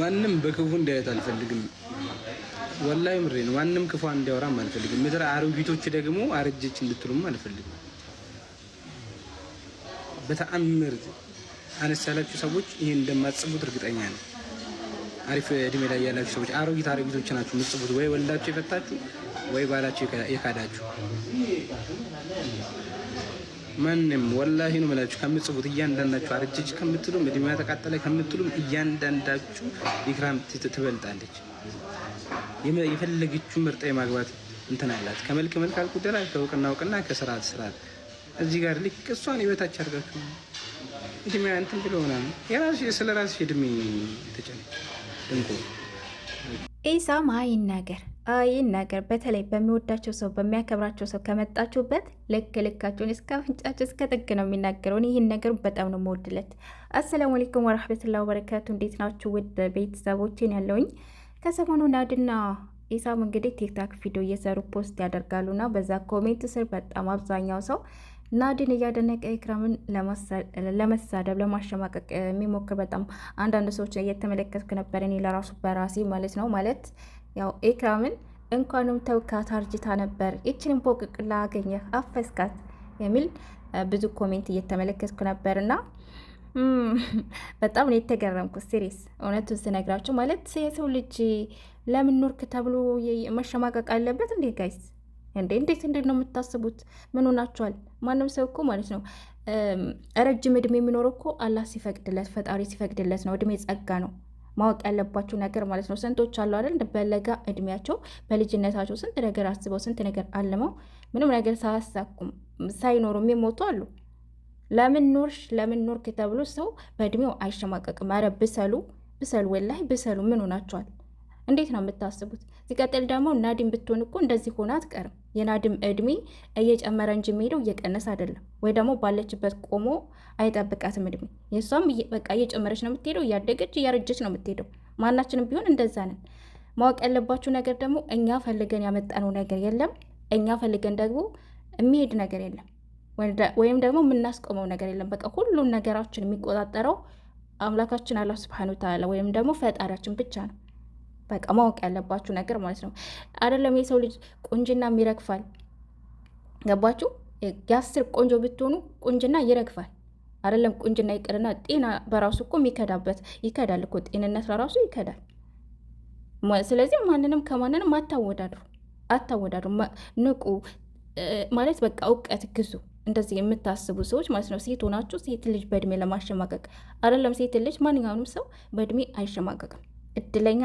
ማንም በክፉ እንዲያየት አልፈልግም። ወላሂ ምሬ ነው። ማንም ክፉ እንዲያወራም አልፈልግም። ምድር አሮጊቶች ደግሞ አረጀች እንድትሉም አልፈልግም። በተአምር አነስ ያላችሁ ሰዎች ይህን እንደማጽቡት እርግጠኛ ነው። አሪፍ እድሜ ላይ ያላችሁ ሰዎች አሮጊት አሮጊቶች ናችሁ የምጽቡት፣ ወይ ወልዳችሁ የፈታችሁ፣ ወይ ባላችሁ የካዳችሁ ማንም ወላሂ ነው የምላችሁ ከምትጽፉት እያንዳንዳችሁ አረጀች ከምትሉም እድሜዋ ተቃጠለ ከምትሉም እያንዳንዳችሁ ኢክራም ትበልጣለች። የፈለገችው ምርጣይ የማግባት እንትን አላት። ከመልክ መልክ አልቁደራ ከእውቅና እውቅና ከስርዓት ስርዓት እዚህ ጋር ልክ እሷን የበታች አድርጋችሁ እድሜዋ እንትን ብሎ ሆናል። የራሱ ስለ ራሱ እድሜ የተጨነች ድንቆ ኢሳም ይህን ነገር በተለይ በሚወዳቸው ሰው በሚያከብራቸው ሰው ከመጣችሁበት ልክ ልካችሁን እስከ አፍንጫችሁ እስከ ጥግ ነው የሚናገረውን። ይህን ነገር በጣም ነው መወድለት። አሰላሙ አለይኩም ወረህመቱላሂ ወበረካቱ። እንዴት ናችሁ ውድ ቤተሰቦችን? ያለውኝ ከሰሞኑ ናድና ኢሳም እንግዲህ ቲክታክ ቪዲዮ እየሰሩ ፖስት ያደርጋሉና በዛ ኮሜንት ስር በጣም አብዛኛው ሰው ናድን እያደነቀ ኢክራምን ለመሳደብ ለማሸማቀቅ የሚሞክር በጣም አንዳንድ ሰዎች እየተመለከትኩ ነበር። እኔ ለራሱ በራሴ ማለት ነው ማለት ያው ኤክራምን እንኳንም ተውካት አርጅታ ነበር፣ ይችንም ቦቅቅላ አገኘ አፈስካት የሚል ብዙ ኮሜንት እየተመለከትኩ ነበር እና በጣም ነው የተገረምኩ። ሲሪስ እውነቱን ስነግራቸው ማለት የሰው ልጅ ለምን ኖርክ ተብሎ መሸማቀቅ አለበት እንዴ? ጋይስ እንዴ እንዴት እንዴት ነው የምታስቡት? ምን ሆናችኋል? ማንም ሰው እኮ ማለት ነው ረጅም እድሜ የሚኖረው እኮ አላህ ሲፈቅድለት ፈጣሪ ሲፈቅድለት ነው። እድሜ ጸጋ ነው። ማወቅ ያለባቸው ነገር ማለት ነው። ስንቶች አሉ አይደል በለጋ እድሜያቸው በልጅነታቸው ስንት ነገር አስበው ስንት ነገር አልመው ምንም ነገር ሳያሳኩም ሳይኖሩ የሞቱ አሉ። ለምን ኖርሽ ለምን ኖርክ ተብሎ ሰው በእድሜው አይሸማቀቅም። ረ ብሰሉ ብሰሉ፣ ወላሂ ብሰሉ። ምን ሆናቸዋል? እንዴት ነው የምታስቡት? ሲቀጥል ደግሞ ናዲም ብትሆን እኮ እንደዚህ ሆነ አትቀርም። የናዲም እድሜ እየጨመረ እንጂ የሚሄደው እየቀነሰ አይደለም። ወይ ደግሞ ባለችበት ቆሞ አይጠብቃትም እድሜ። የእሷም በቃ እየጨመረች ነው የምትሄደው፣ እያደገች እያረጀች ነው የምትሄደው። ማናችንም ቢሆን እንደዛ ነን። ማወቅ ያለባችሁ ነገር ደግሞ እኛ ፈልገን ያመጣነው ነገር የለም። እኛ ፈልገን ደግሞ የሚሄድ ነገር የለም፣ ወይም ደግሞ የምናስቆመው ነገር የለም። በቃ ሁሉን ነገራችን የሚቆጣጠረው አምላካችን አላህ ሱብሐነሁ ወተዓላ ወይም ደግሞ ፈጣሪያችን ብቻ ነው። በቃ ማወቅ ያለባችሁ ነገር ማለት ነው። አይደለም የሰው ልጅ ቆንጅና ይረግፋል። ገባችሁ? የአስር ቆንጆ ብትሆኑ ቁንጅና ይረግፋል። አይደለም ቁንጅና ይቅርና ጤና በራሱ እኮ የሚከዳበት ይከዳል እኮ ጤንነት በራሱ ይከዳል። ስለዚህ ማንንም ከማንንም አታወዳድሩ፣ አታወዳድሩ። ንቁ ማለት በቃ እውቀት ግዙ። እንደዚህ የምታስቡ ሰዎች ማለት ነው። ሴት ሆናችሁ ሴት ልጅ በእድሜ ለማሸማቀቅ አይደለም። ሴት ልጅ ማንኛውንም ሰው በእድሜ አይሸማቀቅም። እድለኛ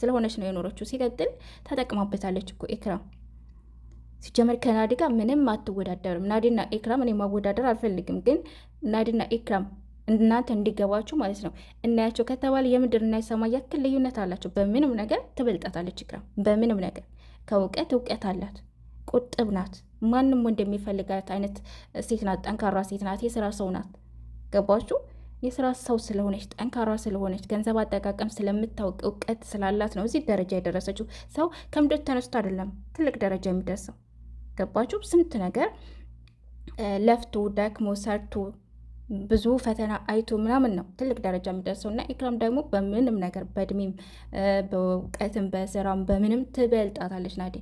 ስለሆነች ነው የኖረችው። ሲቀጥል ተጠቅማበታለች እኮ ኤክራም ሲጀመር ከናዲ ጋር ምንም አትወዳደርም። ናዲና ኤክራም እኔ ማወዳደር አልፈልግም፣ ግን ናዲና ኤክራም እናንተ እንዲገባችሁ ማለት ነው። እናያቸው ከተባለ የምድር እና የሰማይ ያክል ልዩነት አላቸው። በምንም ነገር ትበልጣታለች ኤክራም፣ በምንም ነገር ከእውቀት እውቀት አላት። ቁጥብ ናት። ማንም ወንድ የሚፈልጋት አይነት ሴት ናት። ጠንካራ ሴት ናት። የስራ ሰው ናት። ገባችሁ? የስራ ሰው ስለሆነች ጠንካራ ስለሆነች ገንዘብ አጠቃቀም ስለምታውቅ እውቀት ስላላት ነው እዚህ ደረጃ የደረሰችው። ሰው ከምድር ተነስቶ አይደለም ትልቅ ደረጃ የሚደርሰው። ገባችሁ? ስንት ነገር ለፍቶ ደክሞ ሰርቶ ብዙ ፈተና አይቶ ምናምን ነው ትልቅ ደረጃ የሚደርሰው። እና ኢክራም ደግሞ በምንም ነገር በእድሜም በእውቀትም በስራም በምንም ትበልጣታለች ናዴ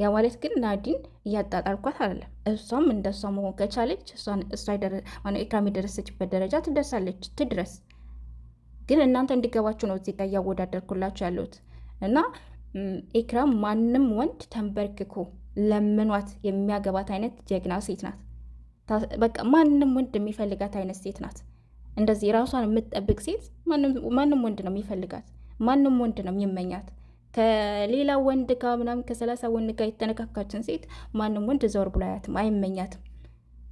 ያ ማለት ግን ናዲን እያጣጣርኳት አይደለም። እሷም እንደሷ መሆን ከቻለች እሷ ኢክራም የደረሰችበት ደረጃ ትደርሳለች፣ ትድረስ። ግን እናንተ እንዲገባችሁ ነው እዚህ ጋር እያወዳደርኩላችሁ ያለሁት እና ኢክራም ማንም ወንድ ተንበርክኮ ለምኗት የሚያገባት አይነት ጀግና ሴት ናት። በቃ ማንም ወንድ የሚፈልጋት አይነት ሴት ናት። እንደዚህ ራሷን የምትጠብቅ ሴት ማንም ወንድ ነው የሚፈልጋት፣ ማንም ወንድ ነው የሚመኛት። ከሌላ ወንድ ጋር ምናምን ከሰላሳ ወንድ ጋር የተነካካችን ሴት ማንም ወንድ ዘወር ብሎ አያትም፣ አይመኛትም።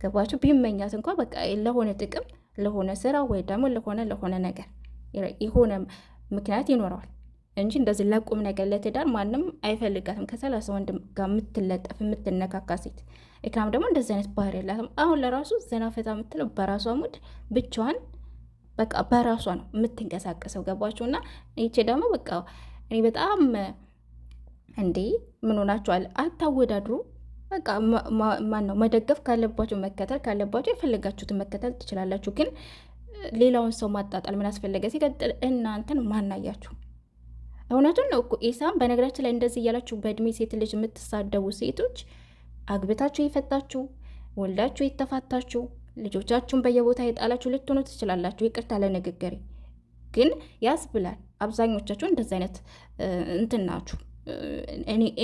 ገባችሁ? ቢመኛት እንኳ በቃ ለሆነ ጥቅም፣ ለሆነ ስራ ወይ ደግሞ ለሆነ ለሆነ ነገር የሆነ ምክንያት ይኖረዋል እንጂ እንደዚህ ለቁም ነገር ለትዳር ማንም አይፈልጋትም። ከሰላሳ ወንድ ጋር የምትለጠፍ የምትነካካ ሴት ኢክራም ደግሞ እንደዚህ አይነት ባህሪ የላትም። አሁን ለራሱ ዘና ፈታ የምትለው በራሷ ሙድ ብቻዋን በቃ በራሷ ነው የምትንቀሳቀሰው። ገባችሁና ይቼ ደግሞ በቃ እኔ በጣም እንዴ ምን ሆናችኋል? አታወዳድሩ። በቃ ማን ነው መደገፍ ካለባቸው መከተል ካለባችሁ የፈለጋችሁትን መከተል ትችላላችሁ። ግን ሌላውን ሰው ማጣጣል ምን አስፈለገ? ሲቀጥል እናንተን ማናያችሁ? እውነቱን ነው እኮ ኢሳም። በነገራችን ላይ እንደዚህ እያላችሁ በእድሜ ሴት ልጅ የምትሳደቡ ሴቶች አግብታችሁ የፈታችሁ ወልዳችሁ የተፋታችሁ ልጆቻችሁን በየቦታ የጣላችሁ ልትሆኑ ትችላላችሁ። ይቅርታ ለንግግሬ ግን ያስብላል። አብዛኞቻችሁ እንደዚ አይነት እንትን ናችሁ።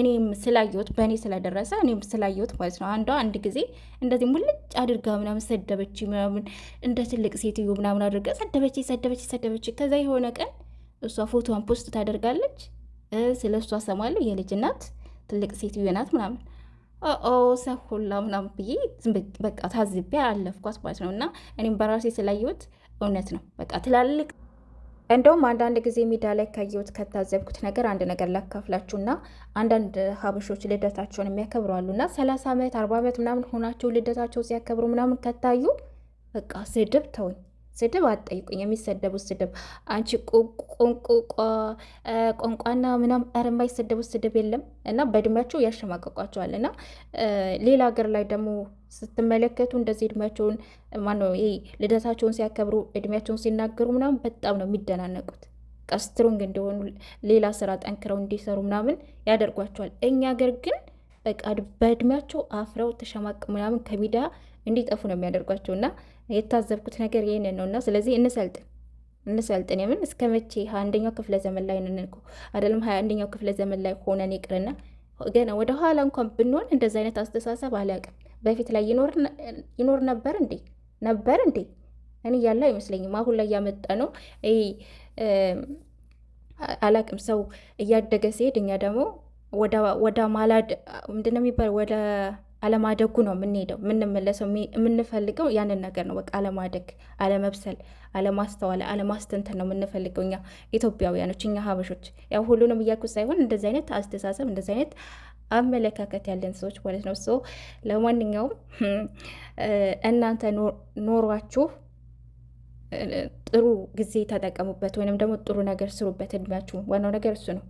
እኔም ስላየሁት በእኔ ስለደረሰ እኔም ስላየሁት ማለት ነው። አንዷ አንድ ጊዜ እንደዚህ ሙልጭ አድርጋ ምናምን ሰደበች ምናምን እንደ ትልቅ ሴትዮ ምናምን አድርጋ ሰደበች ሰደበች ሰደበች። ከዛ የሆነ ቀን እሷ ፎቶዋን ፖስት ታደርጋለች። ስለ እሷ ሰማለሁ የልጅ እናት ትልቅ ሴትዮ ናት ምናምን ኦ ሰው ሁላ ምናምን ብዬ በቃ ታዝቤ አለፍኳት ማለት ነው። እና እኔም በራሴ ስላየሁት እውነት ነው በቃ ትላልቅ እንደውም አንዳንድ ጊዜ ሜዳ ላይ ካየሁት ከታዘብኩት ነገር አንድ ነገር ላካፍላችሁና አንዳንድ ሀበሾች ልደታቸውን የሚያከብሩ አሉና ሰላሳ ዓመት አርባ ዓመት ምናምን ሆናቸው ልደታቸው ሲያከብሩ ምናምን ከታዩ በቃ ስድብ ተውኝ፣ ስድብ አትጠይቁኝ። የሚሰደቡት ስድብ አንቺ ቋንቋና ምናምን ኧረ የማይሰደቡት ስድብ የለም እና በእድሜያቸው ያሸማቀቋቸዋል እና ሌላ ሀገር ላይ ደግሞ ስትመለከቱ እንደዚህ እድሜያቸውን ማነው ይሄ ልደታቸውን ሲያከብሩ እድሜያቸውን ሲናገሩ ምናምን በጣም ነው የሚደናነቁት። ስትሮንግ እንደሆኑ ሌላ ስራ ጠንክረው እንዲሰሩ ምናምን ያደርጓቸዋል። እኛ አገር ግን በቃ በእድሜያቸው አፍረው ተሸማቅ ምናምን ከሚዲያ እንዲጠፉ ነው የሚያደርጓቸው። እና የታዘብኩት ነገር ይህንን ነው። እና ስለዚህ እንሰልጥን እንሰልጥን የምን እስከ መቼ ሀያ አንደኛው ክፍለ ዘመን ላይ ነን አደለም? አይደለም? ሀያ አንደኛው ክፍለ ዘመን ላይ ሆነን ይቅርና ገና ወደ ኋላ እንኳን ብንሆን እንደዚ አይነት አስተሳሰብ አላውቅም። በፊት ላይ ይኖር ነበር እንዴ? ነበር እንዴ? እኔ ያለ አይመስለኝም። አሁን ላይ ያመጣ ነው አላቅም። ሰው እያደገ ሲሄድ እኛ ደግሞ ወደ ማላድ ምንድን ነው የሚባለው ወደ አለማደጉ ነው የምንሄደው፣ የምንመለሰው። የምንፈልገው ያንን ነገር ነው። በቃ አለማደግ፣ አለመብሰል፣ አለማስተዋል፣ አለማስተንተን ነው የምንፈልገው እኛ ኢትዮጵያውያኖች፣ እኛ ሀበሾች። ያው ሁሉንም እያልኩት ሳይሆን እንደዚህ አይነት አስተሳሰብ እንደዚህ አይነት አመለካከት ያለን ሰዎች ማለት ነው። ሶ ለማንኛውም እናንተ ኖሯችሁ ጥሩ ጊዜ ተጠቀሙበት፣ ወይንም ደግሞ ጥሩ ነገር ስሩበት እድሜያችሁ። ዋናው ነገር እሱ ነው።